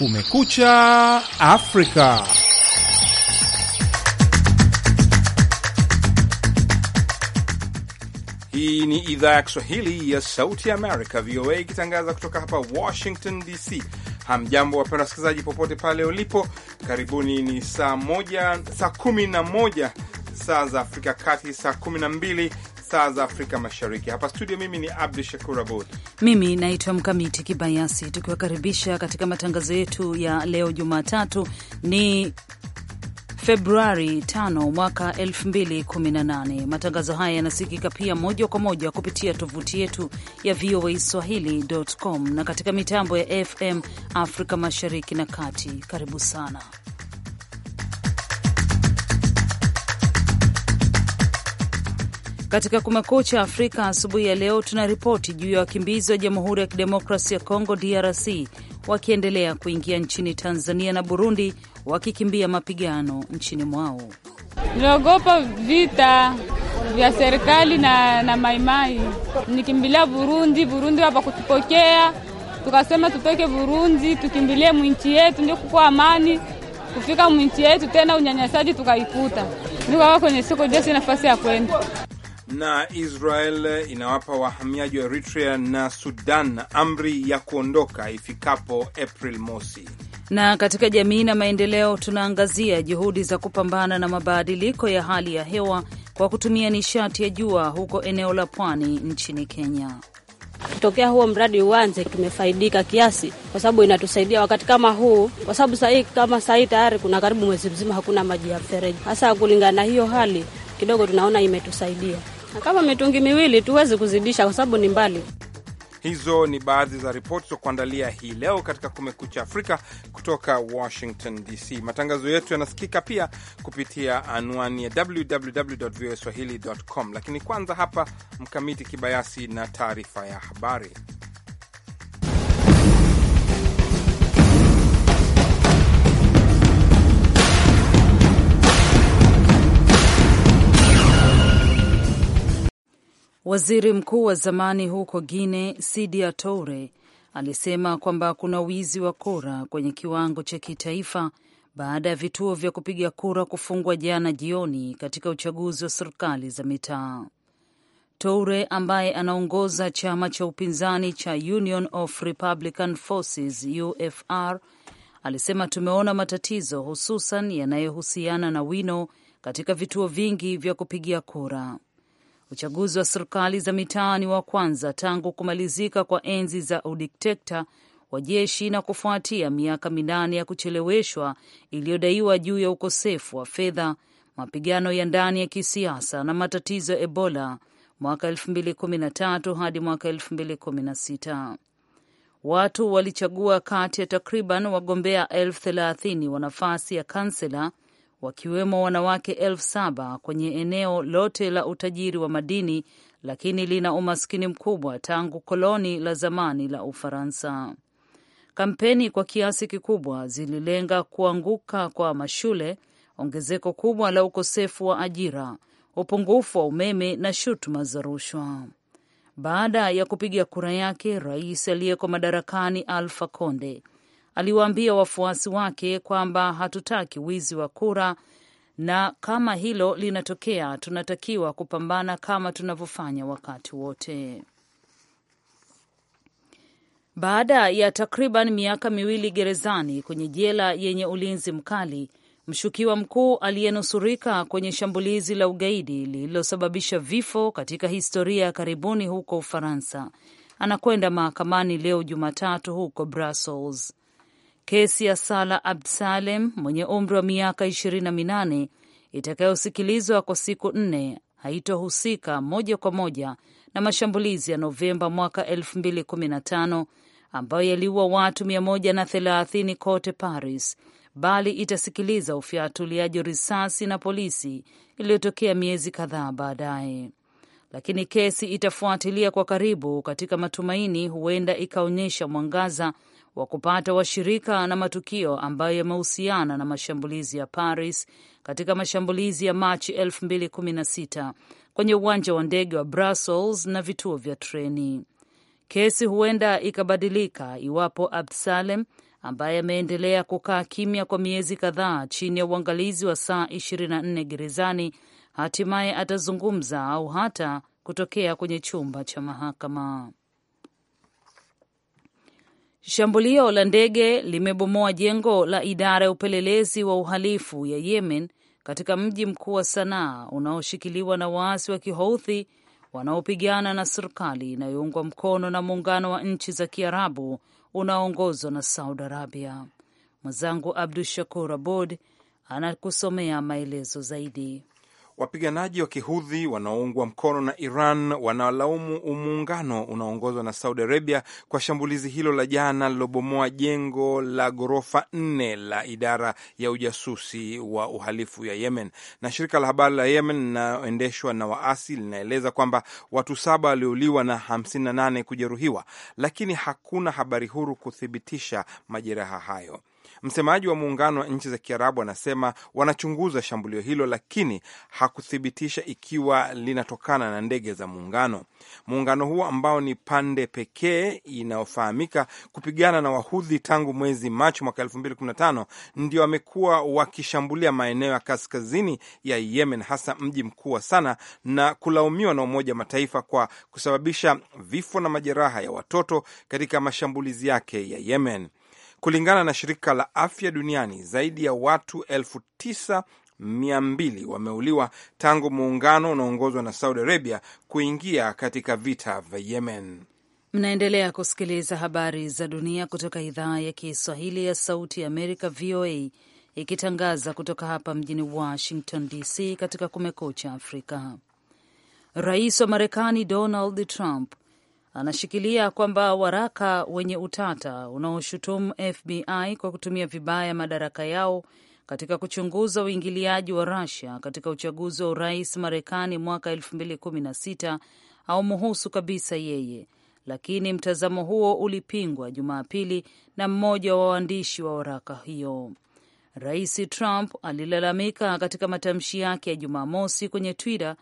Kumekucha Afrika. Hii ni idhaa ya Kiswahili ya Sauti ya Amerika, VOA, ikitangaza kutoka hapa Washington DC. Hamjambo wapenda wasikilizaji, popote pale ulipo, karibuni. Ni saa moja, saa kumi na moja saa za Afrika Kati, saa kumi na mbili saa za Afrika Mashariki. Hapa studio, mimi ni Abdu Shakur Abud, mimi naitwa Mkamiti Kibayasi, tukiwakaribisha katika matangazo yetu ya leo Jumatatu ni Februari 5 mwaka 2018. Matangazo haya yanasikika pia moja kwa moja kupitia tovuti yetu ya VOA Swahili.com na katika mitambo ya FM Afrika Mashariki na Kati. Karibu sana Katika Kumekucha Afrika asubuhi ya leo, tuna ripoti juu ya wakimbizi wa Jamhuri ya Kidemokrasi ya Kongo, DRC, wakiendelea kuingia nchini Tanzania na Burundi wakikimbia mapigano nchini mwao. Naogopa vita vya serikali na, na maimai. Nikimbilia Burundi. Burundi kutupokea, tukasema tutoke Burundi tukimbilie mwinchi yetu, ndio kukua amani. Kufika mwinchi yetu tena unyanyasaji tukaikuta, niko kwenye soko, nafasi ya kwenda na Israel inawapa wahamiaji wa Eritrea na Sudan amri ya kuondoka ifikapo April mosi. Na katika jamii na maendeleo, tunaangazia juhudi za kupambana na mabadiliko ya hali ya hewa kwa kutumia nishati ya jua huko eneo la pwani nchini Kenya. Tokea huo mradi uanze, tumefaidika kiasi, kwa sababu inatusaidia wakati kama huu, kwa sababu sahii kama sahii tayari kuna karibu mwezi mzima hakuna maji ya mfereji, hasa kulingana na hiyo hali kidogo, tunaona imetusaidia. Kama mitungi miwili tuwezi kuzidisha kwa sababu ni mbali. Hizo ni baadhi za ripoti za kuandalia hii leo katika Kumekucha Afrika kutoka Washington DC. Matangazo yetu yanasikika pia kupitia anwani ya www voa swahili com, lakini kwanza hapa Mkamiti Kibayasi na taarifa ya habari. Waziri mkuu wa zamani huko guine Sidia Toure alisema kwamba kuna wizi wa kura kwenye kiwango cha kitaifa baada ya vituo vya kupiga kura kufungwa jana jioni katika uchaguzi wa serikali za mitaa. Toure ambaye anaongoza chama cha upinzani cha Union of Republican Forces UFR alisema tumeona matatizo hususan yanayohusiana na wino katika vituo vingi vya kupigia kura. Uchaguzi wa serikali za mitaa ni wa kwanza tangu kumalizika kwa enzi za udiktekta wa jeshi na kufuatia miaka minane ya kucheleweshwa iliyodaiwa juu ya ukosefu wa fedha, mapigano ya ndani ya kisiasa na matatizo ya Ebola mwaka 2013 hadi mwaka 2016. Watu walichagua kati ya takriban wagombea elfu thelathini wa nafasi ya kansela wakiwemo wanawake elfu saba kwenye eneo lote la utajiri wa madini, lakini lina umaskini mkubwa tangu koloni la zamani la Ufaransa. Kampeni kwa kiasi kikubwa zililenga kuanguka kwa mashule, ongezeko kubwa la ukosefu wa ajira, upungufu wa umeme na shutuma za rushwa. Baada ya kupiga kura yake, rais aliyeko madarakani alfa Conde aliwaambia wafuasi wake kwamba hatutaki wizi wa kura na kama hilo linatokea, tunatakiwa kupambana kama tunavyofanya wakati wote. Baada ya takriban miaka miwili gerezani kwenye jela yenye ulinzi mkali, mshukiwa mkuu aliyenusurika kwenye shambulizi la ugaidi lililosababisha vifo katika historia ya karibuni huko Ufaransa anakwenda mahakamani leo Jumatatu huko Brussels. Kesi ya Sala Absalem mwenye umri wa miaka ishirini na minane itakayosikilizwa kwa siku nne haitohusika moja kwa moja na mashambulizi ya Novemba mwaka 2015 ambayo yaliua watu 130 kote Paris, bali itasikiliza ufyatuliaji risasi na polisi iliyotokea miezi kadhaa baadaye. Lakini kesi itafuatilia kwa karibu katika matumaini huenda ikaonyesha mwangaza wa kupata washirika na matukio ambayo yamehusiana na mashambulizi ya Paris katika mashambulizi ya Machi 2016 kwenye uwanja wa ndege wa Brussels na vituo vya treni. Kesi huenda ikabadilika iwapo Absalem ambaye ameendelea kukaa kimya kwa miezi kadhaa chini ya uangalizi wa saa 24 gerezani hatimaye atazungumza au hata kutokea kwenye chumba cha mahakama. Shambulio la ndege limebomoa jengo la idara ya upelelezi wa uhalifu ya Yemen katika mji mkuu wa Sanaa unaoshikiliwa na waasi wa Kihouthi wanaopigana na serikali inayoungwa mkono na muungano wa nchi za Kiarabu unaoongozwa na Saudi Arabia. Mwenzangu Abdu Shakur Abod anakusomea maelezo zaidi. Wapiganaji wa kihudhi wanaoungwa mkono na Iran wanalaumu muungano unaoongozwa na Saudi Arabia kwa shambulizi hilo la jana lilobomoa jengo la ghorofa nne la idara ya ujasusi wa uhalifu ya Yemen. Na shirika la habari la Yemen linayoendeshwa na waasi linaeleza kwamba watu saba waliuliwa na 58 kujeruhiwa, lakini hakuna habari huru kuthibitisha majeraha hayo. Msemaji wa muungano wa nchi za Kiarabu anasema wanachunguza shambulio hilo, lakini hakuthibitisha ikiwa linatokana na ndege za muungano. Muungano huo ambao ni pande pekee inayofahamika kupigana na Wahudhi tangu mwezi Machi mwaka 2015 ndio wamekuwa wakishambulia maeneo ya kaskazini ya Yemen, hasa mji mkuu wa Sana, na kulaumiwa na Umoja wa Mataifa kwa kusababisha vifo na majeraha ya watoto katika mashambulizi yake ya Yemen. Kulingana na shirika la afya duniani, zaidi ya watu elfu tisa mia mbili wameuliwa tangu muungano unaoongozwa na Saudi Arabia kuingia katika vita vya Yemen. Mnaendelea kusikiliza habari za dunia kutoka idhaa ya Kiswahili ya Sauti ya Amerika, VOA, ikitangaza kutoka hapa mjini Washington DC. Katika Kumekucha Afrika, rais wa Marekani Donald Trump anashikilia kwamba waraka wenye utata unaoshutumu FBI kwa kutumia vibaya madaraka yao katika kuchunguza uingiliaji wa rasia katika uchaguzi wa urais Marekani mwaka 2016 aumuhusu kabisa yeye, lakini mtazamo huo ulipingwa Jumapili na mmoja wa waandishi wa waraka hiyo. Rais Trump alilalamika katika matamshi yake ya Jumamosi kwenye Twitter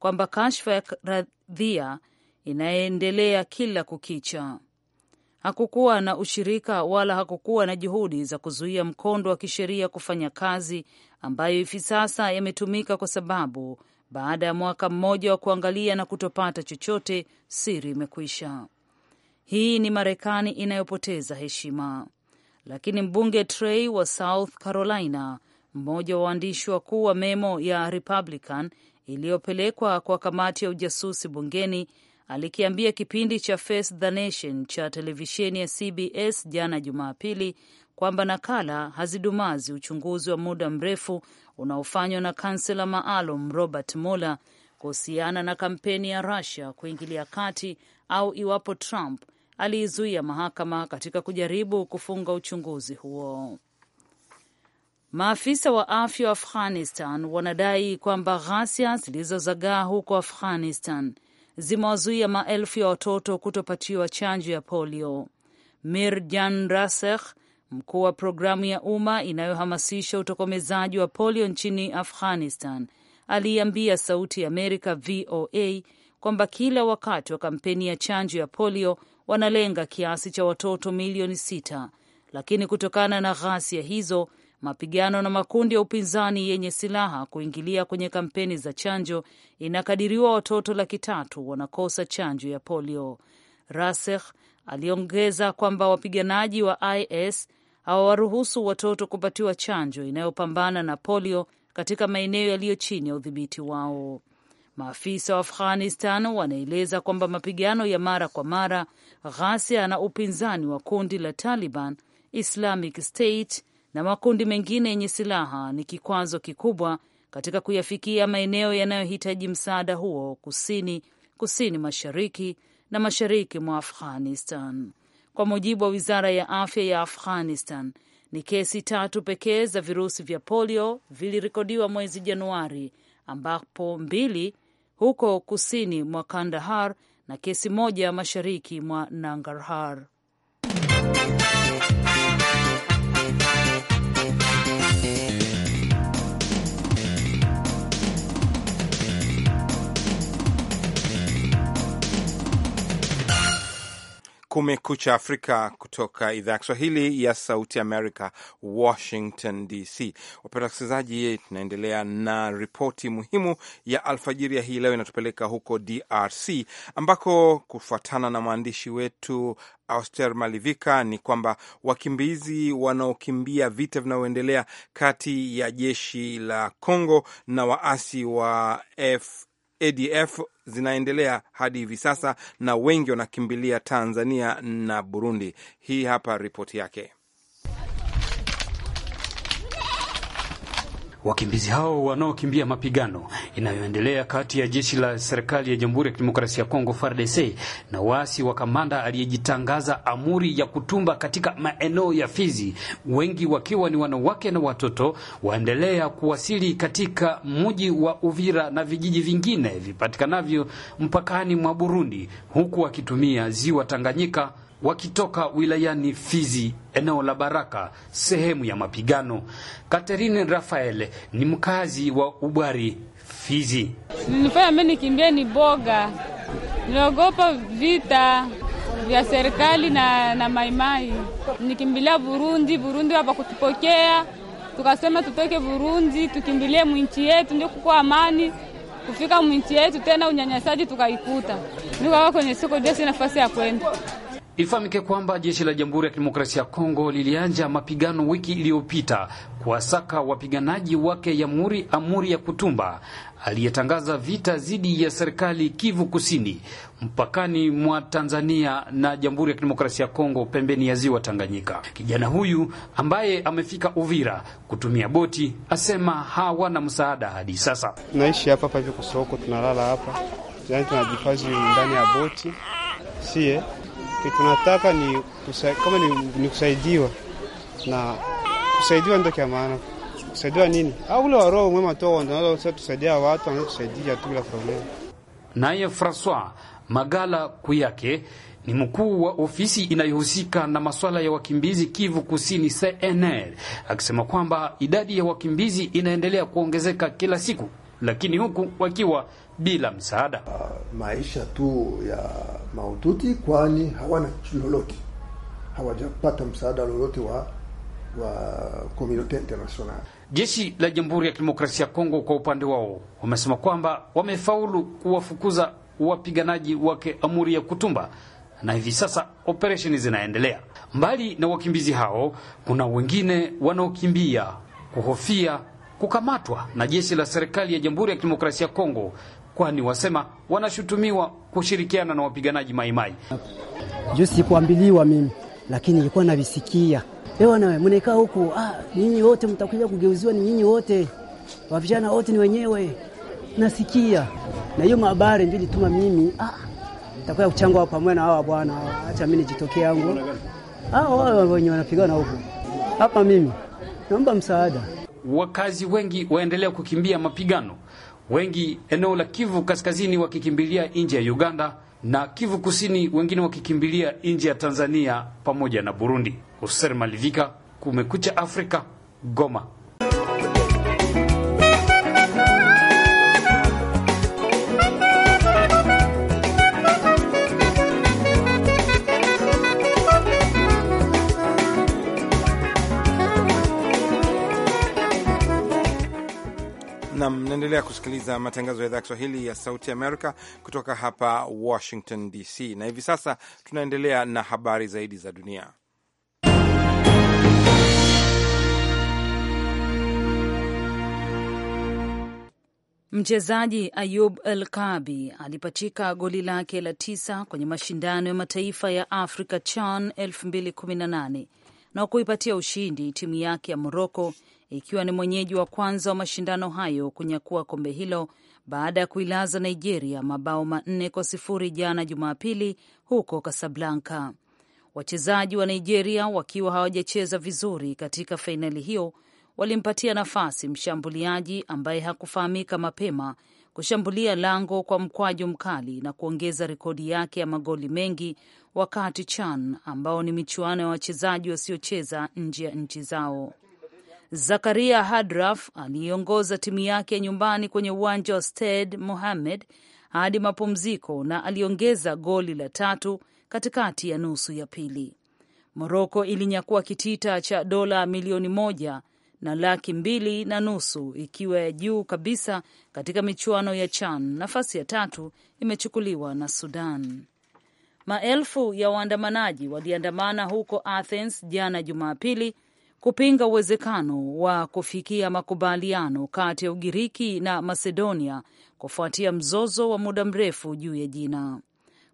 kwamba kashfa ya radhia inayoendelea kila kukicha. Hakukuwa na ushirika wala hakukuwa na juhudi za kuzuia mkondo wa kisheria kufanya kazi, ambayo hivi sasa yametumika kwa sababu baada ya mwaka mmoja wa kuangalia na kutopata chochote, siri imekwisha. Hii ni Marekani inayopoteza heshima. Lakini mbunge Trey wa South Carolina, mmoja wa waandishi wakuu wa memo ya Republican iliyopelekwa kwa kamati ya ujasusi bungeni, alikiambia kipindi cha Face the Nation cha televisheni ya CBS jana Jumapili kwamba nakala hazidumazi uchunguzi wa muda mrefu unaofanywa na kansela maalum Robert Mueller kuhusiana na kampeni ya Russia kuingilia kati au iwapo Trump aliizuia mahakama katika kujaribu kufunga uchunguzi huo. Maafisa wa afya wa Afghanistan wanadai kwamba ghasia zilizozagaa huko Afghanistan zimewazuia maelfu ya watoto kutopatiwa chanjo ya polio. mir jan Rasekh, mkuu wa programu ya umma inayohamasisha utokomezaji wa polio nchini Afghanistan, aliiambia Sauti ya Amerika VOA kwamba kila wakati wa kampeni ya chanjo ya polio wanalenga kiasi cha watoto milioni sita, lakini kutokana na ghasia hizo Mapigano na makundi ya upinzani yenye silaha kuingilia kwenye kampeni za chanjo. Inakadiriwa watoto laki tatu wanakosa chanjo ya polio. Rasekh aliongeza kwamba wapiganaji wa IS hawawaruhusu watoto kupatiwa chanjo inayopambana na polio katika maeneo yaliyo chini ya udhibiti wao. Maafisa wa Afghanistan wanaeleza kwamba mapigano ya mara kwa mara, ghasia na upinzani wa kundi la Taliban Islamic State na makundi mengine yenye silaha ni kikwazo kikubwa katika kuyafikia maeneo yanayohitaji msaada huo kusini, kusini mashariki na mashariki mwa Afghanistan. Kwa mujibu wa wizara ya afya ya Afghanistan, ni kesi tatu pekee za virusi vya polio vilirekodiwa mwezi Januari, ambapo mbili huko kusini mwa Kandahar na kesi moja mashariki mwa Nangarhar. Kumekucha Afrika kutoka idhaa ya Kiswahili ya Sauti Amerika, Washington DC. Wapenda wasikilizaji, tunaendelea na ripoti muhimu ya alfajiri ya hii leo. Inatupeleka huko DRC ambako kufuatana na mwandishi wetu Auster Malivika ni kwamba wakimbizi wanaokimbia vita vinavyoendelea kati ya jeshi la Congo na waasi wa F ADF zinaendelea hadi hivi sasa, na wengi wanakimbilia Tanzania na Burundi. Hii hapa ripoti yake. Wakimbizi hao wanaokimbia mapigano inayoendelea kati ya jeshi la serikali ya Jamhuri ya Kidemokrasia ya Kongo FARDC na waasi wa kamanda aliyejitangaza amuri ya kutumba katika maeneo ya Fizi, wengi wakiwa ni wanawake na watoto, waendelea kuwasili katika mji wa Uvira na vijiji vingine vipatikanavyo mpakani mwa Burundi, huku wakitumia ziwa Tanganyika wakitoka wilayani Fizi, eneo la Baraka, sehemu ya mapigano. katerine Rafael ni mkazi wa Ubwari, Fizi. Nilifanya mimi nikimbie ni boga, niliogopa vita vya serikali na, na maimai, nikimbilia Burundi. Burundi hapa kutupokea, tukasema tutoke Burundi tukimbilie mwinchi yetu, ndio kukua amani kufika mwinchi yetu tena unyanyasaji tukaikuta. Niko kwenye soko, ndio nafasi ya kwenda Ifahamike kwamba jeshi la Jamhuri ya Kidemokrasia ya Kongo lilianja mapigano wiki iliyopita kuwasaka wapiganaji wake Yamuri Amuri ya Kutumba aliyetangaza vita dhidi ya serikali Kivu Kusini mpakani mwa Tanzania na Jamhuri ya Kidemokrasia ya Kongo pembeni ya Ziwa Tanganyika. Kijana huyu ambaye amefika Uvira kutumia boti asema hawana msaada hadi sasa. Naishi hapa hapa hivi kusoko, tunalala hapa, yaani tunajifazi ndani ya boti sie tunataka ni kama ni, ni kusaidiwa na kusaidiwa ndio kia maana. Kusaidiwa nini? Au ule wa roho mwema tu wanaweza tusaidia watu wanaweza kusaidia tu bila problem. Naye Francois Magala Kuyake ni mkuu wa ofisi inayohusika na masuala ya wakimbizi Kivu Kusini, CNL, akisema kwamba idadi ya wakimbizi inaendelea kuongezeka kila siku, lakini huku wakiwa bila msaada. Uh, maisha tu ya maututi, kwani hawana lolote, hawajapata msaada lolote wa wa komunote international. Jeshi la Jamhuri ya Kidemokrasia ya Kongo kwa upande wao wamesema kwamba wamefaulu kuwafukuza wapiganaji wake Amuri ya Kutumba na hivi sasa operesheni zinaendelea. Mbali na wakimbizi hao, kuna wengine wanaokimbia kuhofia kukamatwa na jeshi la serikali ya Jamhuri ya Kidemokrasia ya Kongo kwani wasema wanashutumiwa kushirikiana na wapiganaji maimai. Juu sikuambiliwa mimi, lakini nilikuwa navisikia ewa, nawe mnakaa huku, ah, nyinyi wote mtakuja kugeuziwa, ni nyinyi wote wavijana wote ni wenyewe, nasikia na hiyo mahabari ndio ilituma mimi ah, nitakuwa kuchangwa pamoja na hawa bwana. Acha mimi nijitokee yangu, hao wao wenye wanapigana huko hapa, mimi naomba msaada. Wakazi wengi waendelea kukimbia mapigano wengi eneo la Kivu Kaskazini wakikimbilia nje ya Uganda na Kivu Kusini, wengine wakikimbilia nje ya Tanzania pamoja na Burundi. Hoser Malivika, Kumekucha Afrika, Goma. na mnaendelea kusikiliza matangazo ya idhaa ya Kiswahili ya Sauti Amerika kutoka hapa Washington DC, na hivi sasa tunaendelea na habari zaidi za dunia. Mchezaji Ayub El Kabi alipachika goli lake la tisa kwenye mashindano ya mataifa ya Afrika CHAN 2018 na kuipatia ushindi timu yake ya Moroko ikiwa ni mwenyeji wa kwanza wa mashindano hayo kunyakua kombe hilo baada ya kuilaza Nigeria mabao manne kwa sifuri jana Jumapili huko Kasablanka. Wachezaji wa Nigeria wakiwa hawajacheza vizuri katika fainali hiyo, walimpatia nafasi mshambuliaji ambaye hakufahamika mapema kushambulia lango kwa mkwaju mkali na kuongeza rekodi yake ya magoli mengi wakati CHAN ambao ni michuano ya wachezaji wasiocheza nje ya nchi zao Zakaria Hadraf aliiongoza timu yake ya nyumbani kwenye uwanja wa Stade Mohamed hadi mapumziko na aliongeza goli la tatu katikati ya nusu ya pili. Moroko ilinyakua kitita cha dola milioni moja na laki mbili na nusu ikiwa ya juu kabisa katika michuano ya CHAN. Nafasi ya tatu imechukuliwa na Sudan. Maelfu ya waandamanaji waliandamana huko Athens jana Jumapili kupinga uwezekano wa kufikia makubaliano kati ya Ugiriki na Masedonia kufuatia mzozo wa muda mrefu juu ya jina.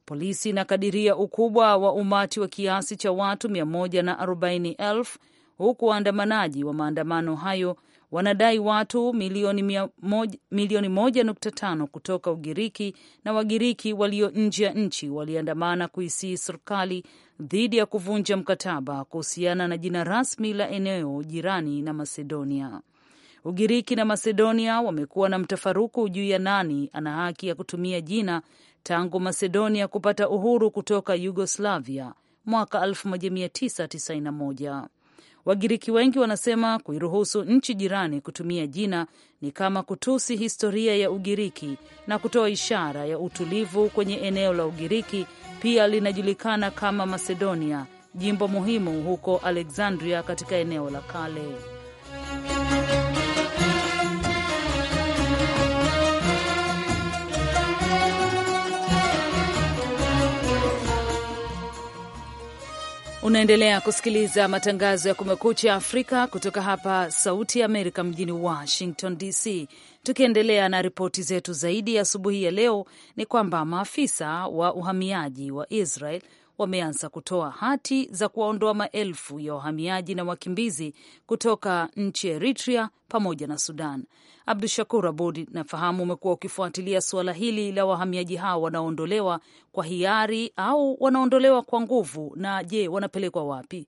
Polisi inakadiria ukubwa wa umati wa kiasi cha watu 140,000 huku waandamanaji wa maandamano hayo wanadai watu milioni 1.5 kutoka Ugiriki na Wagiriki walio nje ya nchi waliandamana kuisii serikali dhidi ya kuvunja mkataba kuhusiana na jina rasmi la eneo jirani na Masedonia. Ugiriki na Masedonia wamekuwa na mtafaruku juu ya nani ana haki ya kutumia jina tangu Masedonia kupata uhuru kutoka Yugoslavia mwaka 1991. Wagiriki wengi wanasema kuiruhusu nchi jirani kutumia jina ni kama kutusi historia ya Ugiriki na kutoa ishara ya utulivu kwenye eneo la Ugiriki. Pia linajulikana kama macedonia jimbo muhimu huko Alexandria katika eneo la kale. Unaendelea kusikiliza matangazo ya Kumekucha Afrika kutoka hapa Sauti ya Amerika mjini Washington DC. Tukiendelea na ripoti zetu zaidi asubuhi ya, ya leo ni kwamba maafisa wa uhamiaji wa Israel wameanza kutoa hati za kuwaondoa maelfu ya wahamiaji na wakimbizi kutoka nchi ya Eritrea pamoja na Sudan. Abdu Shakur Abud, nafahamu umekuwa ukifuatilia suala hili la wahamiaji hao wanaoondolewa kwa hiari au wanaondolewa kwa nguvu, na je, wanapelekwa wapi?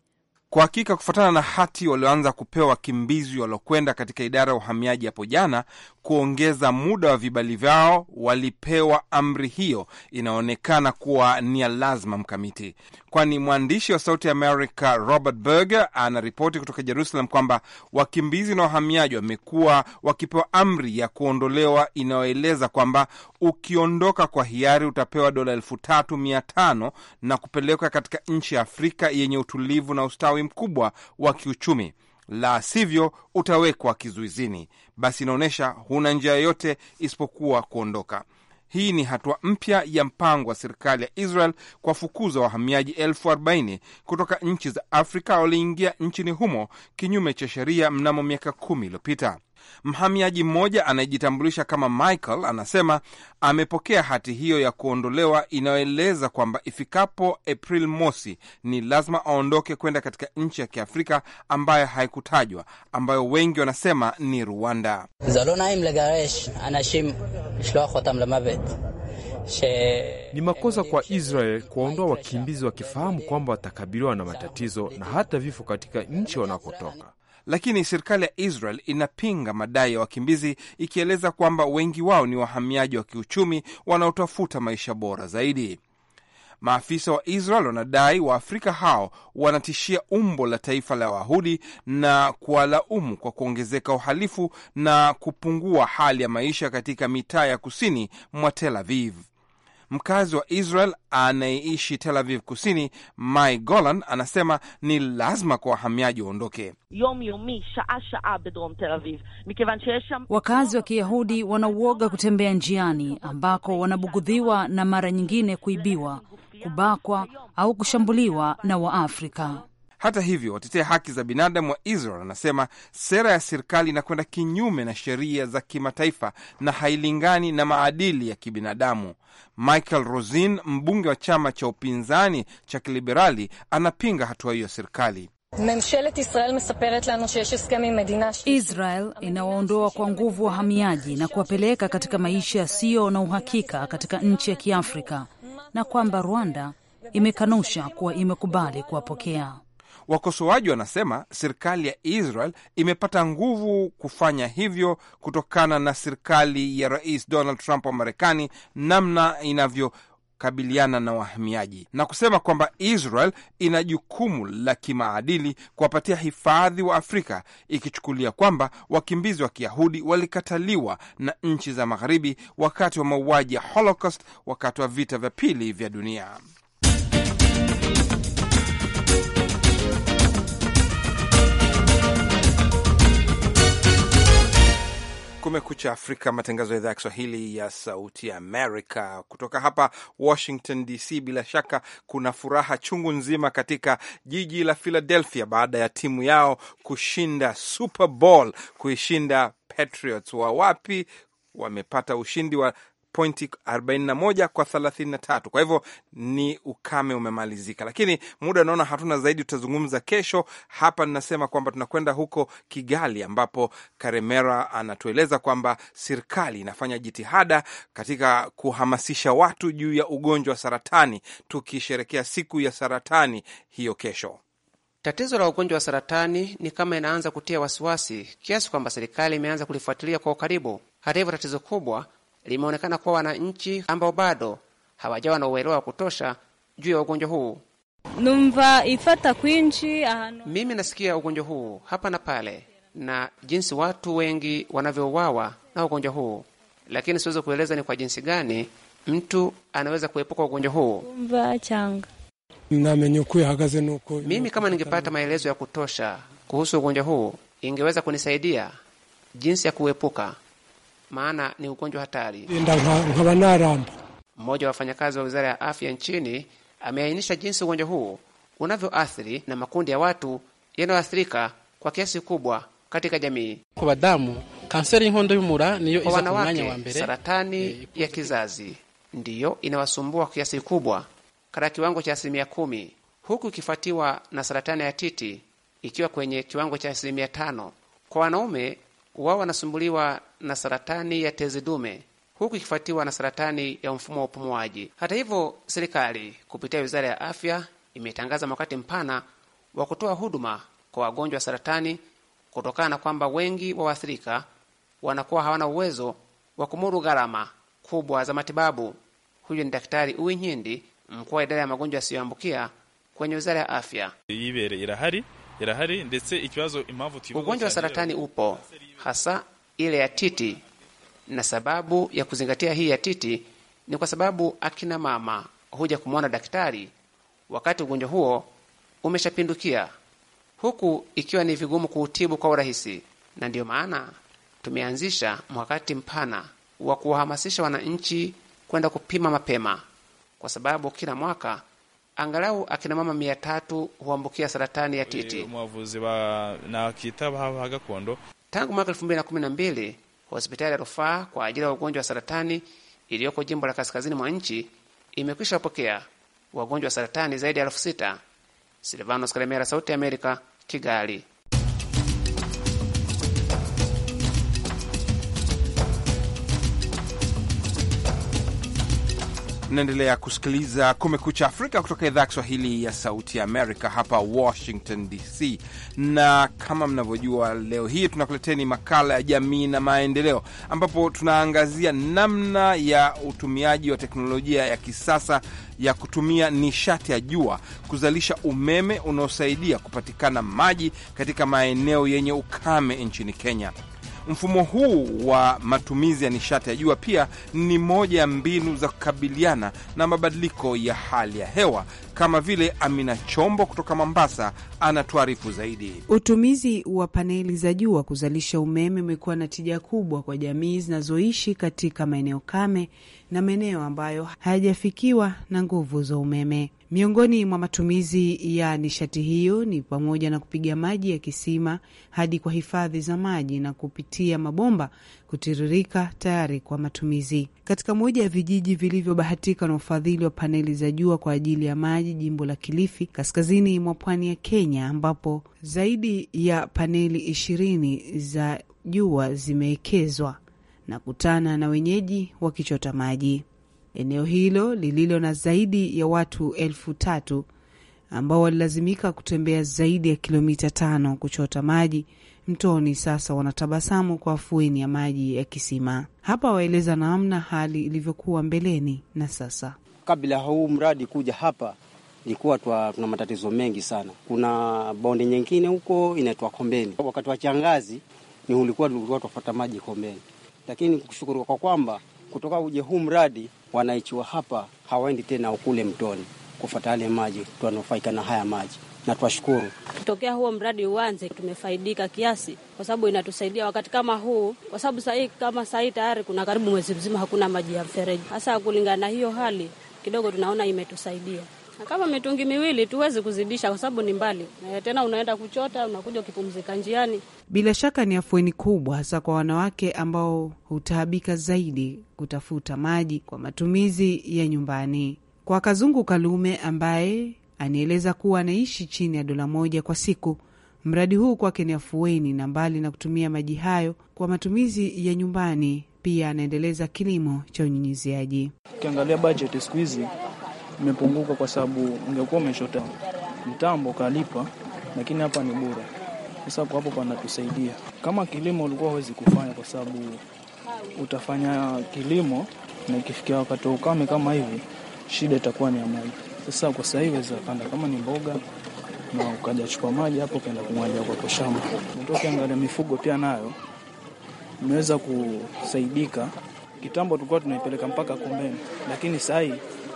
Kwa hakika kufuatana na hati walioanza kupewa wakimbizi waliokwenda katika idara ya uhamiaji hapo jana, kuongeza muda wa vibali vyao walipewa amri hiyo, inaonekana kuwa ni ya lazima mkamiti, kwani mwandishi wa Sauti America Robert Berger anaripoti kutoka Jerusalem kwamba wakimbizi na wahamiaji wamekuwa wakipewa amri ya kuondolewa inayoeleza kwamba ukiondoka kwa hiari utapewa dola elfu tatu mia tano na kupelekwa katika nchi ya Afrika yenye utulivu na ustawi mkubwa wa kiuchumi, la sivyo utawekwa kizuizini basi inaonyesha huna njia yoyote isipokuwa kuondoka. Hii ni hatua mpya ya mpango wa serikali ya Israel kuwafukuza wahamiaji elfu arobaini kutoka nchi za Afrika walioingia nchini humo kinyume cha sheria mnamo miaka kumi iliyopita. Mhamiaji mmoja anayejitambulisha kama Michael anasema amepokea hati hiyo ya kuondolewa inayoeleza kwamba ifikapo april mosi ni lazima aondoke kwenda katika nchi ya Kiafrika ambayo haikutajwa, ambayo wengi wanasema ni Rwanda. ni makosa kwa Israel kuwaondoa wakimbizi wakifahamu kwamba watakabiliwa na matatizo na hata vifo katika nchi wanakotoka lakini serikali ya Israel inapinga madai ya wakimbizi ikieleza kwamba wengi wao ni wahamiaji wa kiuchumi wanaotafuta maisha bora zaidi. Maafisa wa Israel wanadai Waafrika hao wanatishia umbo la taifa la Wayahudi na kuwalaumu kwa kuongezeka uhalifu na kupungua hali ya maisha katika mitaa ya kusini mwa Tel Aviv. Mkazi wa Israel anayeishi Tel Aviv Kusini, Mai Golan, anasema ni lazima kwa wahamiaji waondoke. Wakazi wa Kiyahudi wanauoga kutembea njiani, ambako wanabugudhiwa na mara nyingine kuibiwa, kubakwa au kushambuliwa na Waafrika. Hata hivyo, watetea haki za binadamu wa Israel wanasema sera ya serikali inakwenda kinyume na sheria za kimataifa na hailingani na maadili ya kibinadamu. Michael Rosin, mbunge wa chama cha upinzani cha kiliberali, anapinga hatua hiyo ya serikali. Israel inawaondoa kwa nguvu wahamiaji na kuwapeleka katika maisha yasiyo na uhakika katika nchi ya Kiafrika na kwamba Rwanda imekanusha kuwa imekubali kuwapokea. Wakosoaji wanasema serikali ya Israel imepata nguvu kufanya hivyo kutokana na serikali ya Rais Donald Trump wa Marekani, namna inavyo kabiliana na wahamiaji na kusema kwamba Israel ina jukumu la kimaadili kuwapatia hifadhi wa Afrika, ikichukulia kwamba wakimbizi wa Kiyahudi walikataliwa na nchi za Magharibi wakati wa mauaji ya Holocaust wakati wa vita vya pili vya dunia. Kumekucha Afrika, matangazo ya idhaa ya Kiswahili ya Sauti Amerika kutoka hapa Washington DC. Bila shaka kuna furaha chungu nzima katika jiji la Philadelphia baada ya timu yao kushinda Super Bowl, kuishinda Patriots wa wapi wamepata ushindi wa pointi 41 kwa 33. Kwa hivyo ni ukame umemalizika, lakini muda naona hatuna zaidi, tutazungumza kesho. Hapa ninasema kwamba tunakwenda huko Kigali, ambapo Karemera anatueleza kwamba serikali inafanya jitihada katika kuhamasisha watu juu ya ugonjwa wa saratani, tukisherekea siku ya saratani hiyo kesho. Tatizo la ugonjwa wa saratani ni kama inaanza kutia wasiwasi kiasi kwamba serikali imeanza kulifuatilia kwa ukaribu. Hata hivyo, tatizo kubwa limeonekana kuwa wananchi ambao bado hawajawa na uelewa wa kutosha juu ya ugonjwa huu. Numva ifata kwinji ahano. Mimi nasikia ugonjwa huu hapa na pale na jinsi watu wengi wanavyouawa na ugonjwa huu, lakini siwezi kueleza ni kwa jinsi gani mtu anaweza kuepuka ugonjwa huu. Mimi kama ningepata maelezo ya kutosha kuhusu ugonjwa huu ingeweza kunisaidia jinsi ya kuepuka maana ni ugonjwa hatari. Mmoja wa wafanyakazi wa wizara ya afya nchini ameainisha jinsi ugonjwa huo unavyoathiri na makundi ya watu yanayoathirika kwa kiasi kubwa katika jamii. Kwa wadamu, kanseri nkondo y'umura niyo iza ku wa mbere. Saratani e, ya kizazi ndiyo inawasumbua kwa kiasi kikubwa katika kiwango cha asilimia kumi, huku ikifuatiwa na saratani ya titi ikiwa kwenye kiwango cha asilimia tano. Kwa wanaume wao wanasumbuliwa na saratani ya tezi dume huku ikifuatiwa na saratani ya mfumo wa upumuaji. Hata hivyo, serikali kupitia wizara ya afya imetangaza wakati mpana wa kutoa huduma kwa wagonjwa wa saratani kutokana na kwamba wengi wa waathirika wanakuwa hawana uwezo wa kumudu gharama kubwa za matibabu. Huyu ni Daktari Uwi Nyindi, mkuu wa idara ya magonjwa yasiyoambukia kwenye wizara ya afya. Ugonjwa wa saratani upo hasa ile ya titi, na sababu ya kuzingatia hii ya titi ni kwa sababu akina mama huja kumwona daktari wakati ugonjwa huo umeshapindukia, huku ikiwa ni vigumu kuutibu kwa urahisi, na ndiyo maana tumeanzisha mkakati mpana wa kuwahamasisha wananchi kwenda kupima mapema, kwa sababu kila mwaka angalau akina mama mia tatu huambukia saratani ya titi. Tangu mwaka mbili hospitali ya rufaa kwa ajili ya ugonjwa wa saratani iliyoko jimbo la kaskazini mwa nchi imekwisha pokea wagonjwa wa saratani zaidi ya elfu sita. Silvanos Kalemera, Sauti ya Amerika, Kigali. Naendelea kusikiliza Kumekucha Afrika kutoka idhaa ya Kiswahili ya Sauti ya Amerika hapa Washington DC, na kama mnavyojua, leo hii tunakuleteni makala ya jamii na maendeleo, ambapo tunaangazia namna ya utumiaji wa teknolojia ya kisasa ya kutumia nishati ya jua kuzalisha umeme unaosaidia kupatikana maji katika maeneo yenye ukame nchini Kenya. Mfumo huu wa matumizi ya nishati ya jua pia ni moja ya mbinu za kukabiliana na mabadiliko ya hali ya hewa, kama vile Amina Chombo kutoka Mombasa anatuarifu zaidi. Utumizi wa paneli za jua kuzalisha umeme umekuwa na tija kubwa kwa jamii zinazoishi katika maeneo kame na maeneo ambayo hayajafikiwa na nguvu za umeme. Miongoni mwa matumizi ya nishati hiyo ni pamoja na kupiga maji ya kisima hadi kwa hifadhi za maji na kupitia mabomba kutiririka tayari kwa matumizi. Katika moja ya vijiji vilivyobahatika na ufadhili wa paneli za jua kwa ajili ya maji, jimbo la Kilifi, kaskazini mwa pwani ya Kenya, ambapo zaidi ya paneli ishirini za jua zimewekezwa na kutana na wenyeji wakichota maji eneo hilo lililo na zaidi ya watu elfu tatu ambao walilazimika kutembea zaidi ya kilomita tano kuchota maji mtoni, sasa wanatabasamu kwa afueni ya maji ya kisima. Hapa waeleza namna hali ilivyokuwa mbeleni na sasa. Kabla huu mradi kuja hapa ilikuwa tuna matatizo mengi sana. Kuna bonde nyingine huko inaitwa Kombeni, wakati wa changazi ni ulikuwa tulikuwa tunafuata maji Kombeni, lakini kushukuru kwa kwamba kutoka uje huu mradi, wananchi wa hapa hawaendi tena ukule mtoni kufuata yale maji, twanufaika na haya maji na twashukuru Tokea huo mradi uanze, tumefaidika kiasi, kwa sababu inatusaidia wakati kama huu, kwa sababu sahii kama sahii tayari kuna karibu mwezi mzima hakuna maji ya mfereji. Hasa kulingana na hiyo hali kidogo, tunaona imetusaidia na kama mitungi miwili tuwezi kuzidisha, kwa sababu ni mbali na tena unaenda kuchota, unakuja ukipumzika njiani. Bila shaka ni afueni kubwa, hasa kwa wanawake ambao hutaabika zaidi kutafuta maji kwa matumizi ya nyumbani. Kwa Kazungu Kalume ambaye anieleza kuwa anaishi chini ya dola moja kwa siku, mradi huu kwake ni afueni, na mbali na kutumia maji hayo kwa matumizi ya nyumbani, pia anaendeleza kilimo cha unyunyiziaji. Ukiangalia bajeti siku hizi imepunguka kwa sababu ungekuwa umeshota mtambo kalipa, lakini hapa ni bure. Sasa kwa hapo panatusaidia. Kama kilimo ulikuwa huwezi kufanya kwa sababu utafanya kilimo na ikifikia wakati wa ukame kama hivi, shida itakuwa ni ya maji. Sasa kwa sasa hivi waweza panda kama ni mboga na ukaja chukua maji hapo kaenda kumwagia kwa shamba. angalia mifugo pia nayo imeweza kusaidika. Kitambo tulikuwa tunaipeleka mpaka kombeni, lakini sasa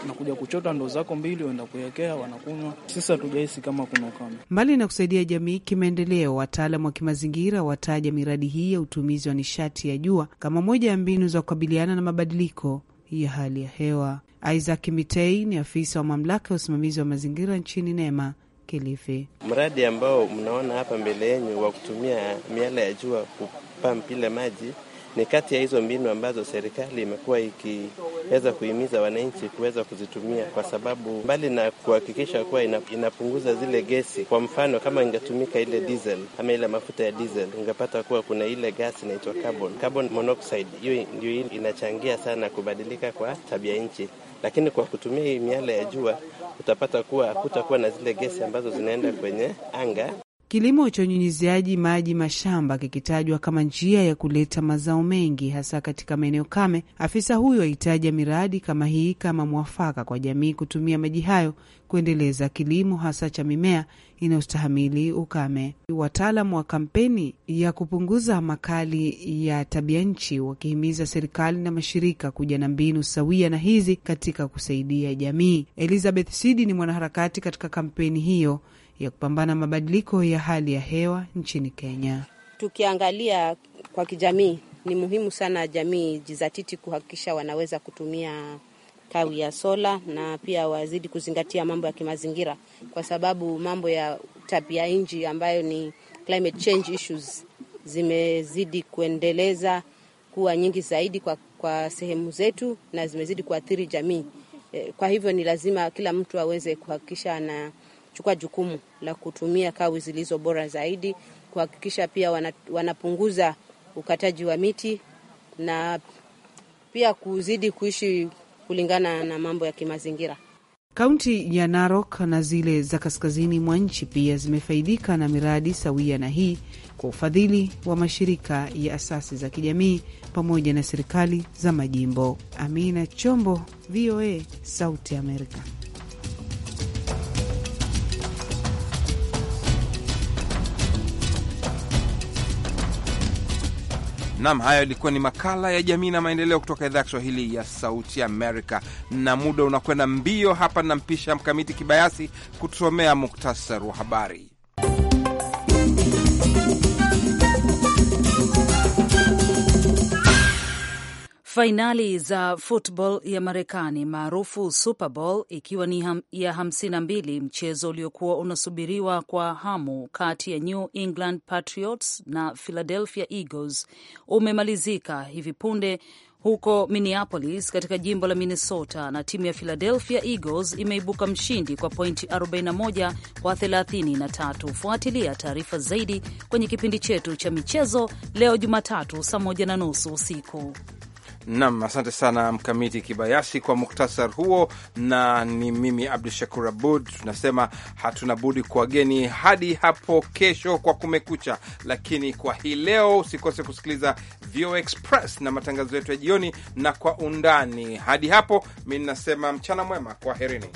nakuja kuchota ndoo zako mbili, uenda kuwekea, wanakunywa. Sisi hatujahisi kama kuna ukame. Mbali na kusaidia jamii kimaendeleo, wataalam wa kimazingira wataja miradi hii ya utumizi wa nishati ya jua kama moja ya mbinu za kukabiliana na mabadiliko ya hali ya hewa. Isaac Mitei ni afisa wa mamlaka ya usimamizi wa mazingira nchini NEMA Kilifi. Mradi ambao mnaona hapa mbele yenyu wa kutumia miale ya jua kupaa ile maji ni kati ya hizo mbinu ambazo serikali imekuwa ikiweza kuhimiza wananchi kuweza kuzitumia, kwa sababu mbali na kuhakikisha kuwa inapunguza zile gesi, kwa mfano kama ingetumika ile diesel ama ile mafuta ya diesel, ungepata kuwa kuna ile gasi inaitwa carbon, carbon monoxide. Hiyo ndio inachangia sana kubadilika kwa tabia nchi, lakini kwa kutumia hii miale ya jua utapata kuwa hakutakuwa na zile gesi ambazo zinaenda kwenye anga. Kilimo cha unyunyiziaji maji mashamba kikitajwa kama njia ya kuleta mazao mengi hasa katika maeneo kame. Afisa huyo aitaja miradi kama hii kama mwafaka kwa jamii kutumia maji hayo kuendeleza kilimo hasa cha mimea inayostahamili ukame. Wataalam wa kampeni ya kupunguza makali ya tabia nchi wakihimiza serikali na mashirika kuja na mbinu sawia na hizi katika kusaidia jamii. Elizabeth Sidi ni mwanaharakati katika kampeni hiyo ya kupambana mabadiliko ya hali ya hewa nchini Kenya. Tukiangalia kwa kijamii, ni muhimu sana jamii jizatiti kuhakikisha wanaweza kutumia kawi ya sola na pia wazidi kuzingatia mambo ya kimazingira, kwa sababu mambo ya tabia nchi ambayo ni climate change issues zimezidi kuendeleza kuwa nyingi zaidi kwa, kwa sehemu zetu na zimezidi kuathiri jamii. Eh, kwa hivyo ni lazima kila mtu aweze kuhakikisha ana kuchukua jukumu la kutumia kawi zilizo bora zaidi, kuhakikisha pia wanapunguza ukataji wa miti na pia kuzidi kuishi kulingana na mambo ya kimazingira. Kaunti ya Narok na zile za kaskazini mwa nchi pia zimefaidika na miradi sawia na hii kwa ufadhili wa mashirika ya asasi za kijamii pamoja na serikali za majimbo. Amina Chombo, VOA, Sauti Amerika. Nam, hayo ilikuwa ni makala ya jamii na maendeleo kutoka idhaa ya Kiswahili ya Sauti Amerika, na muda unakwenda mbio hapa. Nampisha Mkamiti Kibayasi kutusomea muktasari wa habari. Fainali za football ya Marekani maarufu Super Bowl ikiwa ni ham, ya 52 mchezo uliokuwa unasubiriwa kwa hamu kati ya New England Patriots na Philadelphia Eagles umemalizika hivi punde huko Minneapolis katika jimbo la Minnesota, na timu ya Philadelphia Eagles imeibuka mshindi kwa pointi 41 kwa 33. Fuatilia taarifa zaidi kwenye kipindi chetu cha michezo leo Jumatatu saa 1 na nusu usiku. Nam, asante sana Mkamiti Kibayasi kwa muktasar huo, na ni mimi Abdu Shakur Abud. Tunasema hatuna budi kuwageni hadi hapo kesho kwa Kumekucha, lakini kwa hii leo usikose kusikiliza VOA Express na matangazo yetu ya jioni na Kwa Undani. Hadi hapo mi ninasema mchana mwema, kwaherini.